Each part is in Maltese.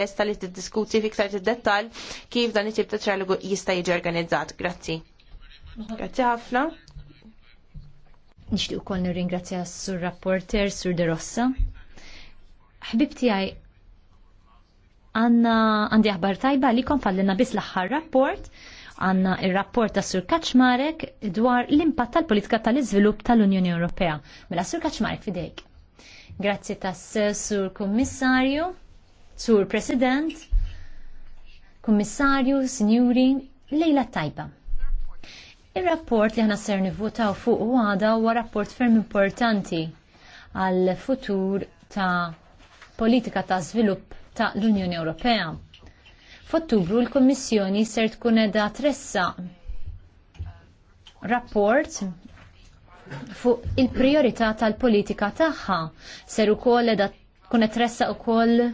resta li tiddiskuti fiktar t dettal kif dan it-tip ta' trialogu jista' jiġi organizzat. Grazzi. Grazzi ħafna. Nixtieq ukoll nirringrazzja sur rapporter Sur De Rossa. Ħbib tiegħi għandna għandi aħbar tajba li kon fallilna biss l-aħħar rapport għanna il-rapport ta' Sur Kaċmarek dwar l-impatt tal-politika tal-iżvilupp tal-Unjoni Ewropea. Mela Sur Kaċmarek fidejk. Grazzi tas Sur Kummissarju. Sur President, Kummissarju, Signuri, Lejla Tajba. Il-rapport li ħana ser nivvotaw fuq u għada huwa rapport ferm importanti għal futur ta' politika ta' svilupp ta' l-Unjoni Ewropea. F'Ottubru l-Kommissjoni ser tkun edha tressa rapport fuq il-priorità tal-politika tagħha ser ukoll edha tkun tressa ukoll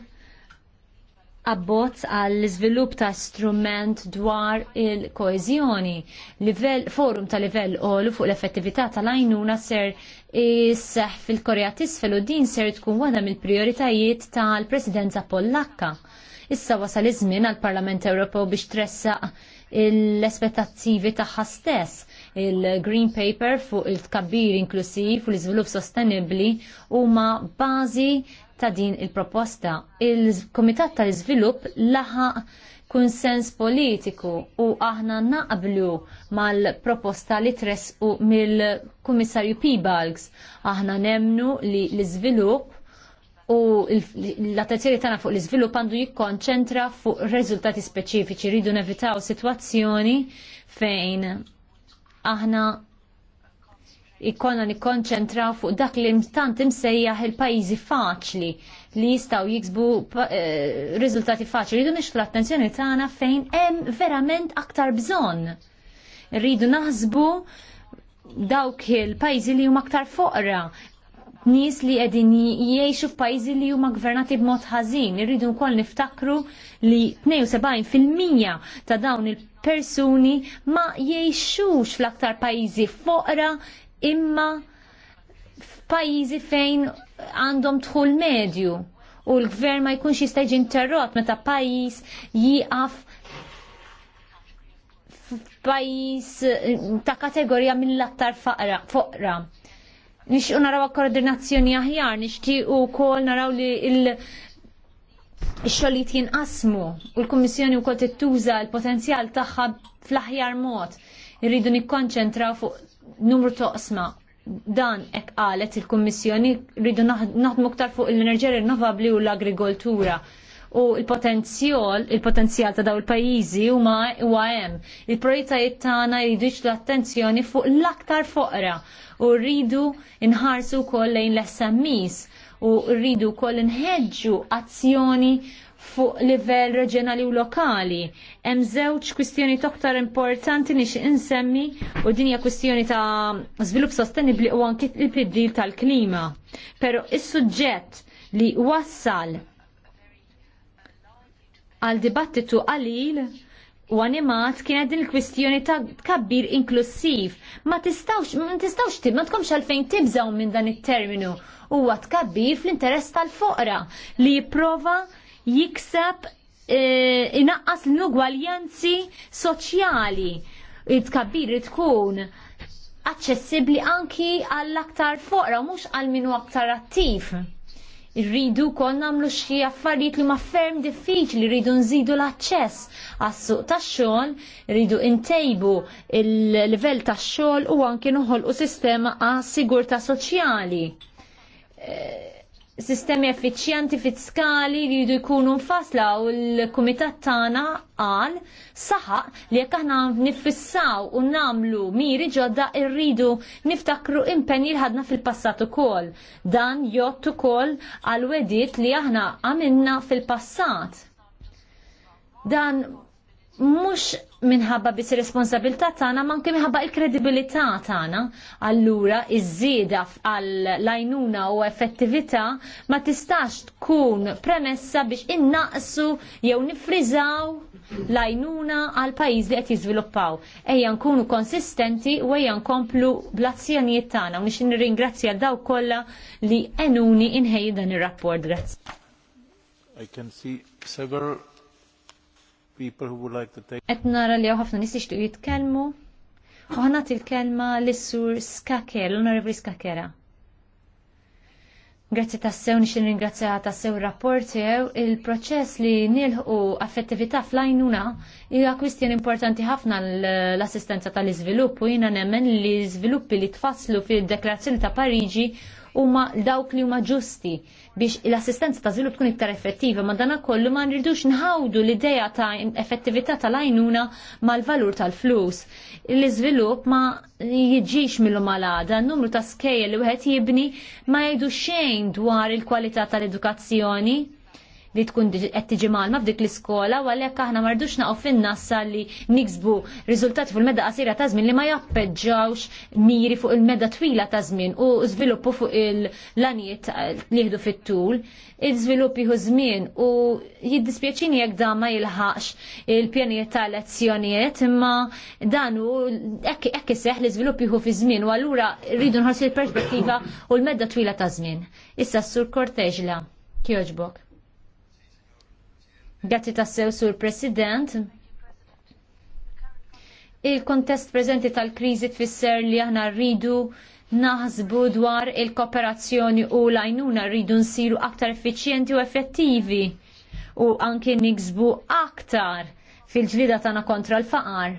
abbozz għall iżvilupp ta' strument dwar il-koezjoni. Forum ta' livell olu fuq l-effettività tal-għajnuna ser isseħ fil-Korea tisfel u din ser tkun waħda mill-prioritajiet tal-Presidenza Pollakka. Issa wasal iż-żmien għall-Parlament Ewropew biex tressaq l-espettattivi tagħha stess il-Green Paper fuq il-tkabbir inklusiv u l-iżvilupp sostenibbli huma bażi ta' din il-proposta. Il-Komitat tal-Iżvilupp laħaq kunsens politiku u aħna naqblu mal-proposta li tres u mill-Kummissarju Pibalgs. Aħna nemnu li l-izvilup u l-attenzjoni tagħna fuq l-iżvilupp għandu jikkonċentra fuq ir-reżultati speċifiċi, rridu nevitaw sitwazzjoni fejn aħna ikonna nikkonċentraw fuq dak li mstant imsejjaħ il-pajjiżi faċli li jistgħu jiksbu eh, riżultati faċli. Rridu nixtu l-attenzjoni tagħna fejn hemm verament aktar bżonn. Rridu naħsbu dawk il pajizi li huma aktar foqra, nis li qegħdin jgħixu f'pajjiżi li huma gvernati b'mod ħażin. Irridu wkoll niftakru li 72% ta' dawn il-persuni ma jgħixux fl-aktar pajjiżi foqra imma f'pajjiżi fejn għandhom dħul medju u l-gvern ma jkunx jista' jiġi interrott meta pajjiż jieqaf f'pajjiż eh, ta' kategorija mill-aktar foqra. Nixqu naraw koordinazzjoni aħjar, nixtiequ wkoll naraw li il- ix jinqasmu u l-Kummissjoni wkoll tittuża l-potenzjal tagħha fl-aħjar mod. Irridu nikkonċentraw fuq numru toqsma dan ek qalet il-Kummissjoni rridu naħdmu ktar fuq l-enerġija rinnovabli u l-agrikoltura u il potenzjol il-potenzjal ta' daw il-pajjiżi huma u hemm. il projtajiet tagħna jridux l-attenzjoni fuq l-aktar foqra u rridu nħarsu wkoll lejn l smis u rridu wkoll nħedġu azzjoni fuq livell reġjonali u lokali. Hemm żewġ kwistjoni toktar importanti nix insemmi u dinja kwistjoni ta' żvilupp sostenibbli u anki il-tibdil tal-klima. Però is-suġġett li wassal għal dibattitu qalil u animat kienet din il-kwistjoni ta' kabbir inklusiv. Ma tistawx, ma tistawx tib, ma tkomx għalfejn tibżaw minn dan it-terminu. Huwa tkabbir fl-interess tal-foqra li jipprova Jiksab e, inaqqas l-inugwaljanzi soċjali. It-kabbir tkun aċċessibbli anki għall-aktar fora, mhux għal minu aktar attiv. Irridu kon namlu xi affarijiet li ma ferm diffiċli, rridu nżidu l-aċċess għas-suq tax-xogħol, rridu ntejbu il-livell tax-xogħol u anke noħolqu sistema għas sigurtà soċjali. E sistemi effiċjenti fiskali li jridu jkunu mfasla u l-kumitat tagħna qal saħaq li jekk aħna nifissaw u nagħmlu miri ġodda rridu niftakru impenni li ħadna fil-passat ukoll. Dan jott ukoll għal wedit li aħna għamilna fil-passat. Dan mux minħabba bis responsabilità tagħna ma anke minħabba il-kredibilità tagħna. Allura iż-żieda għall-lajnuna u effettività ma tistax tkun premessa biex innaqsu jew nifriżaw lajnuna għal pajjiż li qed jiżviluppaw. Ejja nkunu konsistenti u ejja nkomplu bl-azzjonijiet tagħna u nix nirringrazzja daw kollha li enuni inħejji dan ir-rapport. Grazzi. I can see several people who would like to take. Et nara li ħafna nis ixtu jitkelmu. Uħanat il-kelma l-sur Skaker, l-onorevoli Skakera. Grazzi tassew nixin ringrazzja tassew rapportew il-proċess li nilħu affettività fl-għajnuna hija kwistjoni importanti ħafna l-assistenza tal-iżvilupp u jina nemmen li l-iżviluppi li tfasslu fil-deklarazzjoni ta' Pariġi huma dawk li huma ġusti biex l-assistenza ta' żvilupp tkun iktar effettiva, ma dan kollu ma nridux nħawdu l-idea ta' effettività tal-għajnuna mal-valur tal-flus. L-iżvilupp ma jiġix millu malada, n-numru ta' skejja li wieħed jibni ma jgħidu xejn dwar il-kwalità tal-edukazzjoni li tkun qed tiġi malma f'dik l-iskola u għalhekk aħna mardux naqgħu fin-nassa li niksbu riżultati il meda qasira ta' żmien li ma jappeġġawx miri fuq il-meda twila ta' żmien u żviluppu fuq il-lanijiet li jieħdu fit-tul. iżvilupp jieħu żmien u jiddispjaċini jekk dan ma jilħaqx il-pjanijiet ta' lezzjonijiet imma dan hu hekk iseħħ li żvilupp jieħu fi żmien u allura rridu nħarsu l-perspettiva u l-medda twila ta' żmien. Issa s-sur Kortejla, kjoġbok. Grazzi tassew sur President. Il-kontest preżenti tal-kriżi tfisser li aħna rridu naħsbu dwar il-kooperazzjoni u l-għajnuna rridu nsiru aktar effiċjenti u effettivi u anki niksbu aktar fil-ġlida tagħna kontra l-faqar.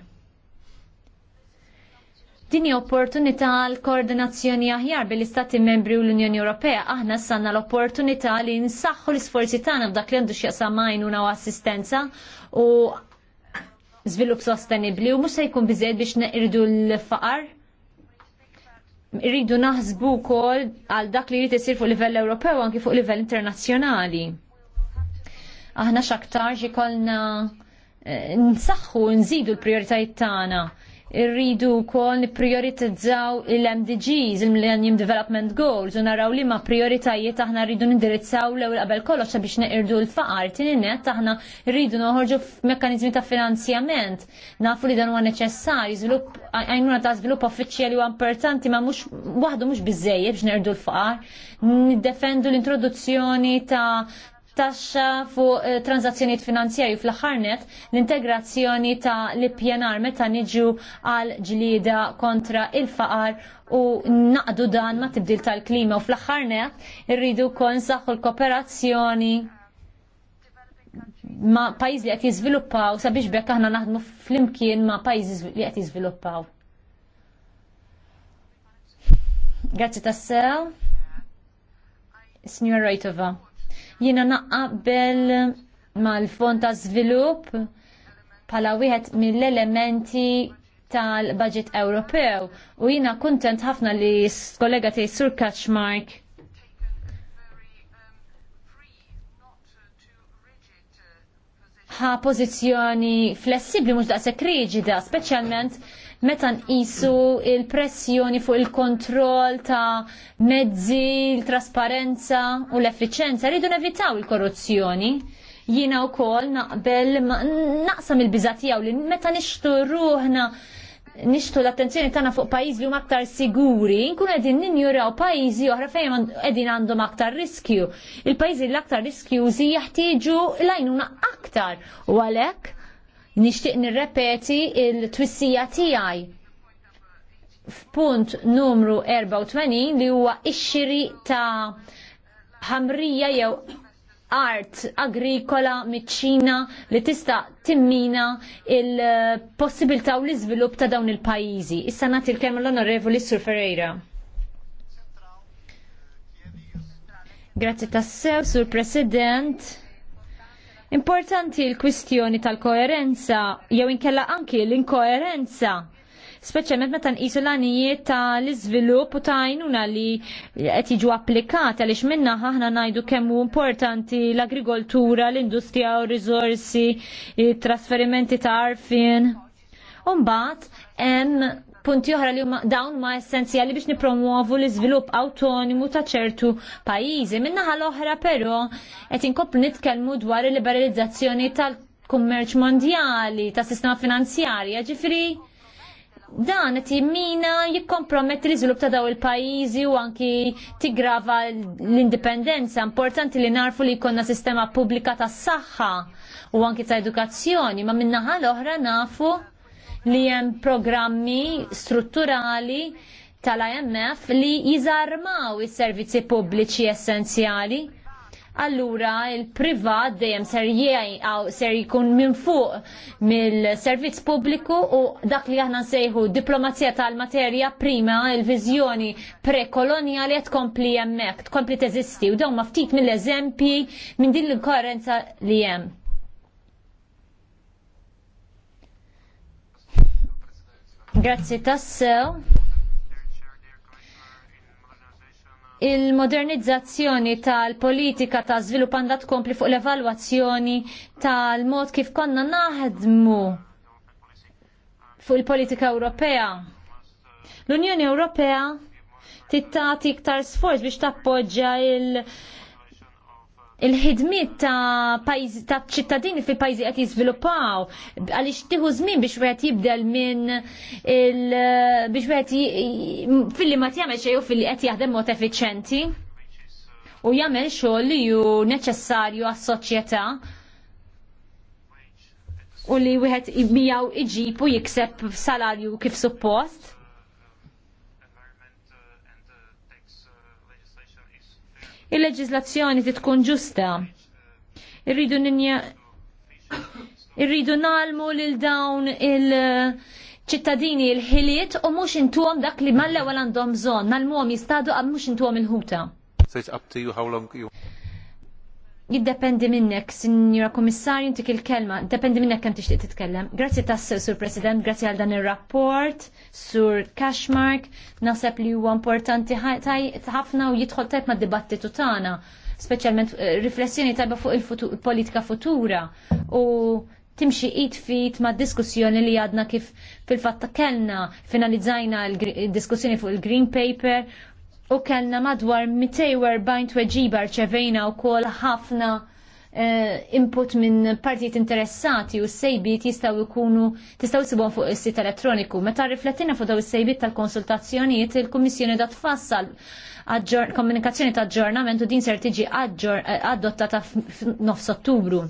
Dini opportunità l-koordinazzjoni aħjar bil-Istati membri u l-Unjoni Ewropea aħna sanna l-opportunità li nsaħħu l-isforzi tagħna f'dak li għandu x'jaqsam għajnuna u assistenza u żvilupp sostenibbli u mhux se jkun biżejjed biex neqirdu l-faqar. Irridu naħsbu wkoll għal dak li jrid isir fuq livell Ewropew anki fuq livell internazzjonali. Aħna x'aktar ikollna eh, nsaħħu nżidu l-prijoritajiet tagħna irridu wkoll nipprijoritizzaw il-MDGs, il-Millennium Development Goals, u naraw li ma prioritajiet aħna rridu nindirizzaw l-ewwel qabel kollox sabiex neqirdu l-faqar, tieni net aħna rridu noħorġu f'mekkaniżmi ta' finanzjament. Nafu li dan huwa neċessarju, żvilupp għajnuna ta' żvilupp uffiċjali huwa importanti ma mhux waħdu mhux biżejjed biex neqirdu l-faqar. Niddefendu l-introduzzjoni ta' taxxa fuq eh, transazzjonijiet finanzjarji fl-ħarnet l-integrazzjoni ta' l-pjanar meta niġu għal ġlida kontra il-faqar u naqdu dan ma' tibdil tal-klima u fl-ħarnet irridu kon saħu l-kooperazzjoni ma' pajjiżi li qed jiżviluppaw sabiex bekk aħna naħdmu flimkien ma' pajjiżi li qed jiżviluppaw. Grazzi tassel. Signor Rajtova. Jiena ma l fond ta' svilup bħala wieħed mill-elementi tal-budget Ewropew u jiena kuntent ħafna li s kollega tiegħi Sur Kaczmark ħa pożizzjoni flessibbli mhux daqshekk riġida, speċjalment meta nqisu il-pressjoni fuq il-kontroll ta' mezzi, il-trasparenza u l-effiċenza, rridu nevitaw il-korruzzjoni jina u kol naqbel naqsam il u li meta nishtu ruħna nishtu l-attenzjoni tagħna fuq pajjiżi li huma aktar siguri, nkunu qegħdin ninjuraw pajjiżi oħra fejn qegħdin għandhom aktar riskju. Il-pajjiżi l-aktar riskjużi jaħtieġu l-għajnuna aktar u għalhekk Nixtieq nirrepeti il-twissija tiegħi f'punt numru 84 li huwa ixxiri ta' ħamrija jew art agrikola miċċina li tista' timmina il-possibilità u l-iżvilupp ta' dawn il-pajjiżi. Issa nagħti l-kelma l-Onorevoli Sur Ferreira. Grazzi tassew, Sur President. Importanti l-kwistjoni tal-koerenza, jew inkella anki l-inkoerenza speċjalment meta nqisu l-għanijiet ta' l-iżvilupp u ta' għajnuna li qed jiġu applikati għaliex minna aħna ngħidu kemm hu importanti l-agrikoltura, l-industrija u r-riżorsi, trasferimenti ta' arfin. Umbat, hemm punti oħra li huma dawn ma essenzjali biex nipromuovu l-iżvilupp autonomu ta' ċertu pajjiżi. Minnaħa l-oħra però qed inkomplu nitkellmu dwar il-liberalizzazzjoni tal-kummerċ mondjali, tas sistema finanzjarja, ġifri dan qed jimmina jikkomprometti l-iżvilupp ta' daw il-pajjiżi u anki tigrava l-indipendenza. Importanti li narfu li jkollna sistema pubblika tas-saħħa u anki ta' edukazzjoni, ma minnaħa l-oħra nafu li hemm programmi strutturali tal-IMF li jizarmaw is-servizzi pubbliċi essenzjali. Allura il-privat dejjem ser jgħaw ser jkun minn fuq mill-servizz pubbliku u dak li aħna nsejħu diplomazija tal-materja prima il-viżjoni prekoloniali qed tkompli hemmhekk, tkompli teżisti u dawn ma ftit mill-eżempji minn din l-inkoerenza li hemm. Grazzi tassew. Il-modernizzazzjoni tal-politika ta' żvilupp għandha tkompli fuq l-evalwazzjoni tal-mod kif konna naħdmu fuq il-politika Ewropea. L-Unjoni Ewropea tittati iktar sforz biex tappoġġja il- il-ħidmiet ta' pajzi ta' ċittadini fil pajzi qed jiżviluppaw għaliex tieħu żmien biex wieħed jibdel minn il biex wieħed filli ma tjagħmel xejn u filli qed jaħdem mod effiċenti u jagħmel xogħol li hu neċessarju għas-soċjetà u li wieħed miegħu iġib u jikseb salarju kif suppost. Il-leġizlazzjoni tkun ġusta. Irridu ninja irridu nalmu lil dawn il-ċittadini il-ħiliet u mux intuhom dak li malla ewwel għandhom bżonn, nalmuhom jistadu għal mhux intuhom il-ħuta. So it's up to you how long you jiddependi minnek, Sinjura Komissarju, intik il-kelma, jiddependi minnek kem tixtieq titkellem. Grazzi tas Sur President, grazzi għal dan ir-rapport, Sur Cashmark, naħseb li huwa importanti ħafna u jidħol tajt ma' dibattitu tagħna, speċjalment eh, riflessjoni tajba fuq il-politika futura u timxi id fit ma' diskussjoni li għadna kif fil-fatta kellna finalizzajna il-diskussjoni fuq il-Green Paper u kellna madwar 240 tweġiba rċevejna u kol ħafna eh, input minn partijiet interessati u s-sejbiet jistaw ikunu tistaw sibon fuq is-sit elettroniku. Meta riflettina fuq daw is-sejbiet tal-konsultazzjonijiet, il-Kummissjoni da tfassal komunikazzjoni ta' aġġornament u din ser tiġi eh, adottata f'nofs Ottubru.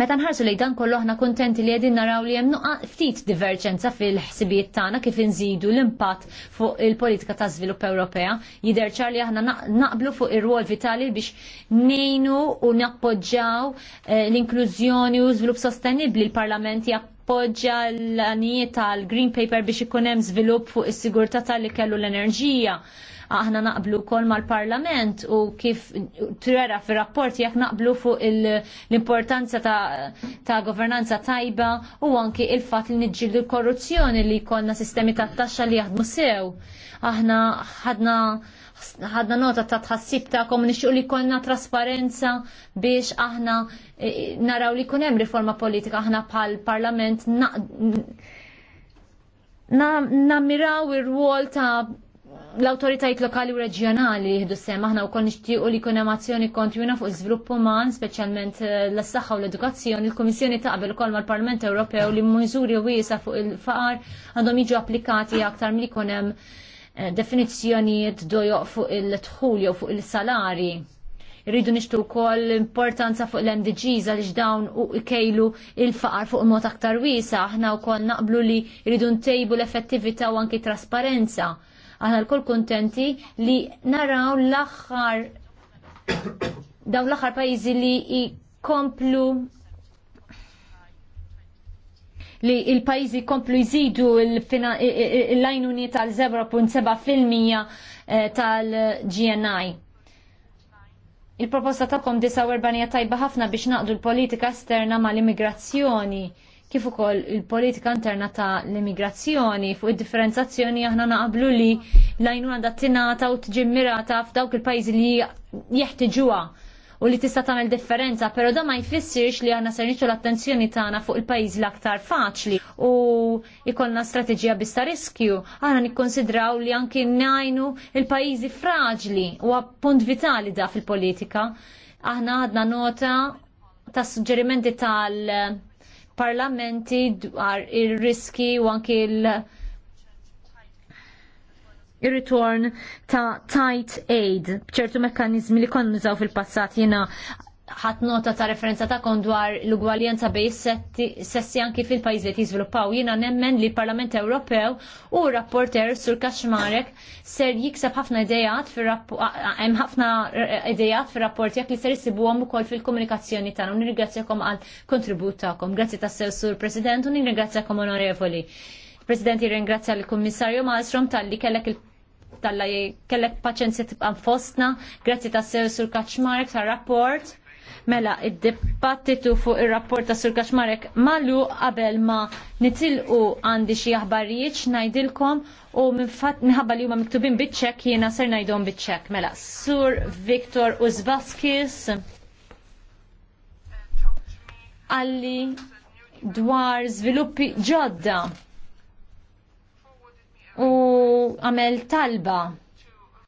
Meta nħarsu li dan kollu aħna kontenti li għedin naraw li hemm nuqa ftit diverġenza fil-ħsibijiet tagħna kif inżidu l-impatt fuq il-politika ta' żvilupp Ewropea, jidher ċar li aħna naqblu fuq ir rol vitali biex nejnu u nappoġġjaw eh, l-inklużjoni u żvilupp sostenibbli l-Parlament jappoġġja l-anijiet tal-Green Paper biex ikun hemm żvilupp fuq is-sigurtà tal-li kellu l-enerġija Aħna naqblu kol mal-parlament u kif trera fir rapport jekk naqblu fuq l-importanza ta', ta governanza tajba u anki il-fat li nġildu korruzzjoni li konna sistemi ta' taxxa li jaħdmu sew. Aħna ħadna ħadna nota ta' tħassib ta' kom nixu li konna trasparenza biex aħna e, naraw li kunem riforma politika aħna bħal parlament nammiraw na, na ir-rwol ta' l-autoritajt lokali u reġjonali jihdu sem aħna u kon nixtiequ li jkun azzjoni kontjuna fuq sviluppu man, speċjalment eh, l-saħħa u l-edukazzjoni, il-Kummissjoni għabel ukoll mal-Parlament Ewropew li u wiesa fuq il-faqar għandhom jiġu applikati aktar milli jkun hemm eh, definizzjonijiet dojo fuq il-tħul jew fuq il-salari. Rridu nixtu wkoll importanza fuq l-MDGs għaliex dawn u kejlu il-faqar fuq mod aktar wiesa, aħna wkoll naqblu li jridu ntejbu l-effettività u anki trasparenza Aħna l-kol kontenti li naraw l axar daw l axar pajizi li komplu li il-pajizi komplu jżidu l-lajnuni tal 07 tal-GNI. Il-proposta kom disa werbanija tajba ħafna biex naqdu l-politika esterna mal immigrazzjoni kif ukoll il-politika interna ta' l-immigrazzjoni fuq id-differenzazzjoni aħna naqablu li l-għajnuna tinata u tġimmirata f'dawk il-pajjiżi li jeħtiġuha u li tista' tagħmel differenza, però da ma jfissirx li aħna ser l-attenzjoni tagħna fuq il-pajjiż l-aktar faċli u ikollna strateġija bista riskju. Aħna nikkonsidraw li anki najnu il-pajjiżi fraġli u punt vitali da fil-politika. Aħna għadna nota ta' suġġerimenti tal- parlamenti dwar ir-riski u anki l- ir-ritorn ta' tight aid bċertu mekkanizmi li konnu nużaw fil-passat jena ħat nota ta' referenza ta' dwar l ugwaljenza bej sessi anki fil-pajzi li jizviluppaw. Jina nemmen li Parlament Ewropew u rapporter sur Kaxmarek ser jikseb ħafna idejat hemm ħafna eh, idejat fir-rapport jekk li ser u ukoll fil-komunikazzjoni tagħna. Nirringrazzjakom għal kontribut tagħkom. Grazzi tas-sew sur President u kom onorevoli. President jirringrazzja l-Kummissarju Malstrom tal-li kellek il- tal-la kellek paċenzja tibqa' fostna, grazzi ta' sew sur Kaxmarek tar-rapport. Mela, id-dibattitu fuq ir rapport ta' Sur Kaxmarek malu qabel ma nitilqu għandi xi aħbarijiet ngħidilkom u minħabba li huma miktubin biċċek jiena ser ngħidhom biċċek. Mela, Sur Viktor Uzbaskis għalli dwar żviluppi ġodda u għamel talba